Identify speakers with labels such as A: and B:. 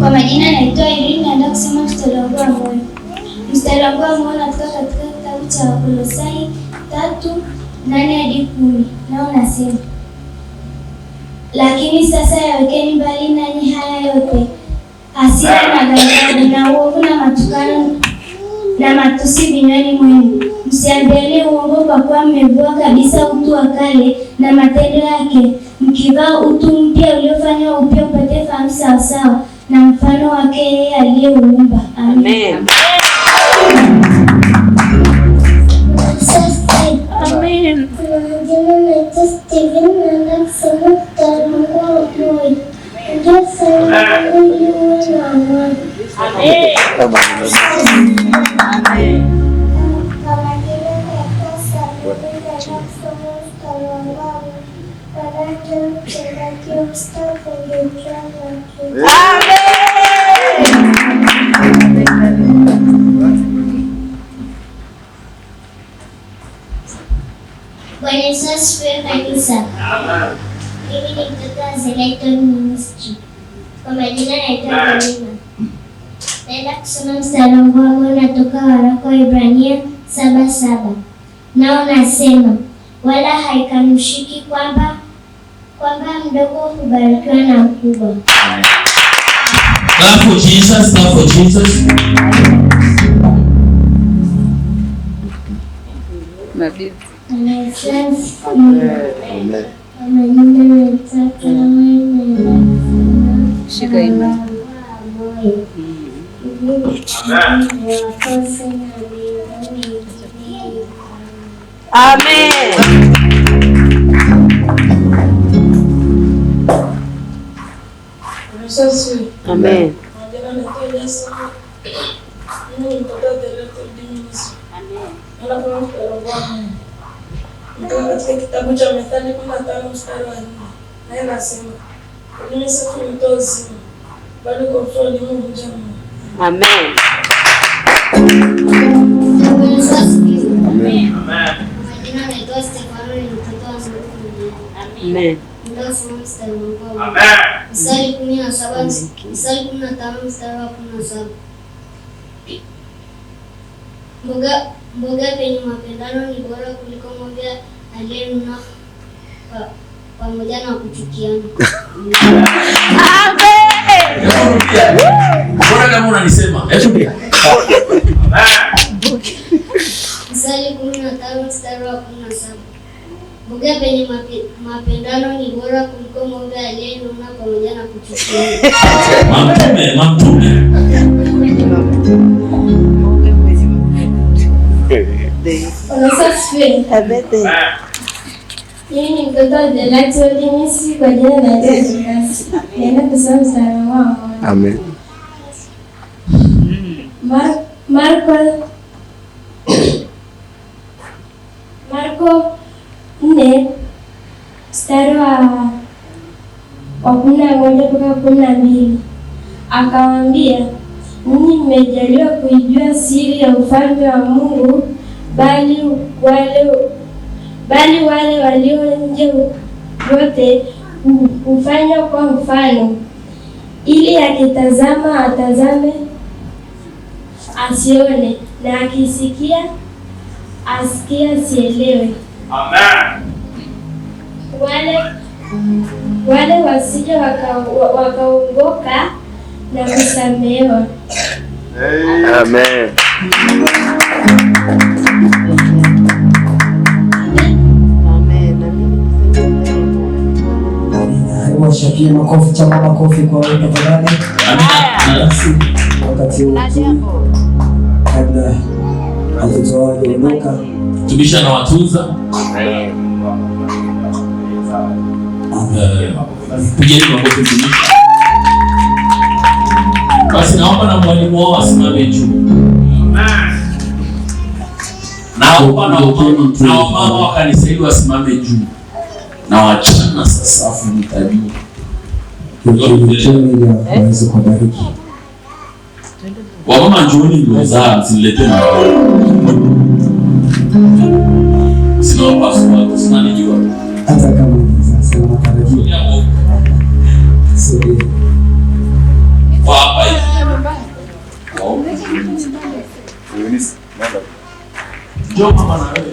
A: Kwa majina naitwa Irene, naenda kusoma mstari wangu wa moyo. Mstari wangu wa moyo natoka katika kitabu cha Wakolosai tatu nane hadi kumi nao nasema, lakini sasa yawekeni mbali nanyi haya yote, hasira na ghadhabu na uovu na matukano na matusi vinywani mwenu. Msiambiane uongo, kwa kuwa mmevua kabisa utu wa kale na matendo yake, mkivaa utu mpya uliofanywa upya kufahamu sawasawa na mfano wake yeye aliyeuumba.
B: Amen. Amen. Kuna mwingine Amen.
A: Bwana Yesu asifiwe kabisa. Mimi ni mtoto wa Zelaitoni Ministry. Kwa majina naitwa Amina. Naenda kusoma mstari wangu ambao waraka wa Ibrania saba saba, nao nasema wala haikanushiki kwamba kwamba mdogo hubarikiwa na mkubwa.
C: Clap for Jesus, clap for Jesus.
B: Shika ima. Amen. Amen. Amen.
D: Ndio katika kitabu
B: Amen. kumi
A: na tano mstari na saba mboga penye mapendano ni bora kuliko mmoja aliyenuna pamoja na kuchukiana.
B: Amen.
C: Mbona kama unanisema?
A: Mbwa penye mapendano ni bora kuliko ng'ombe aliyenona pamoja na kuchukiana.
C: Mtume, mtume.
A: Yeye ni mtoto wa Delati Odinisi kwa jina la Yesu. Naenda kusoma msalama wao. Amen. Marko Marko nne mstari wa kumi na moja mpaka kumi na mbili akawaambia, ninyi mmejaliwa kuijua siri ya ufalme wa Mungu, bali wale bali wale walio nje wote hufanywa kwa mfano, ili akitazama atazame asione, na akisikia asikia asielewe.
C: Amen.
A: Wale wale wasije wakaongoka na kusamehewa.
C: Amen.
E: Washapiga makofi, chapa makofi kwa wewe tafadhali. Wakati
A: huu
E: kabla watoto wao hawajaondoka,
C: tumisha na watunza. Eh, pigeni makofi tumisha. Basi naomba na mwalimu wao asimame juu, naomba na wamama wa kanisa hili wasimame juu na wachana sasa, afu nitajua wamama, njooni nguo zao msilete Sinawapaswa sinanijua
E: hata kama sasa na matarajio yangu
C: sogea kwa hapa hivi njoo mama na wewe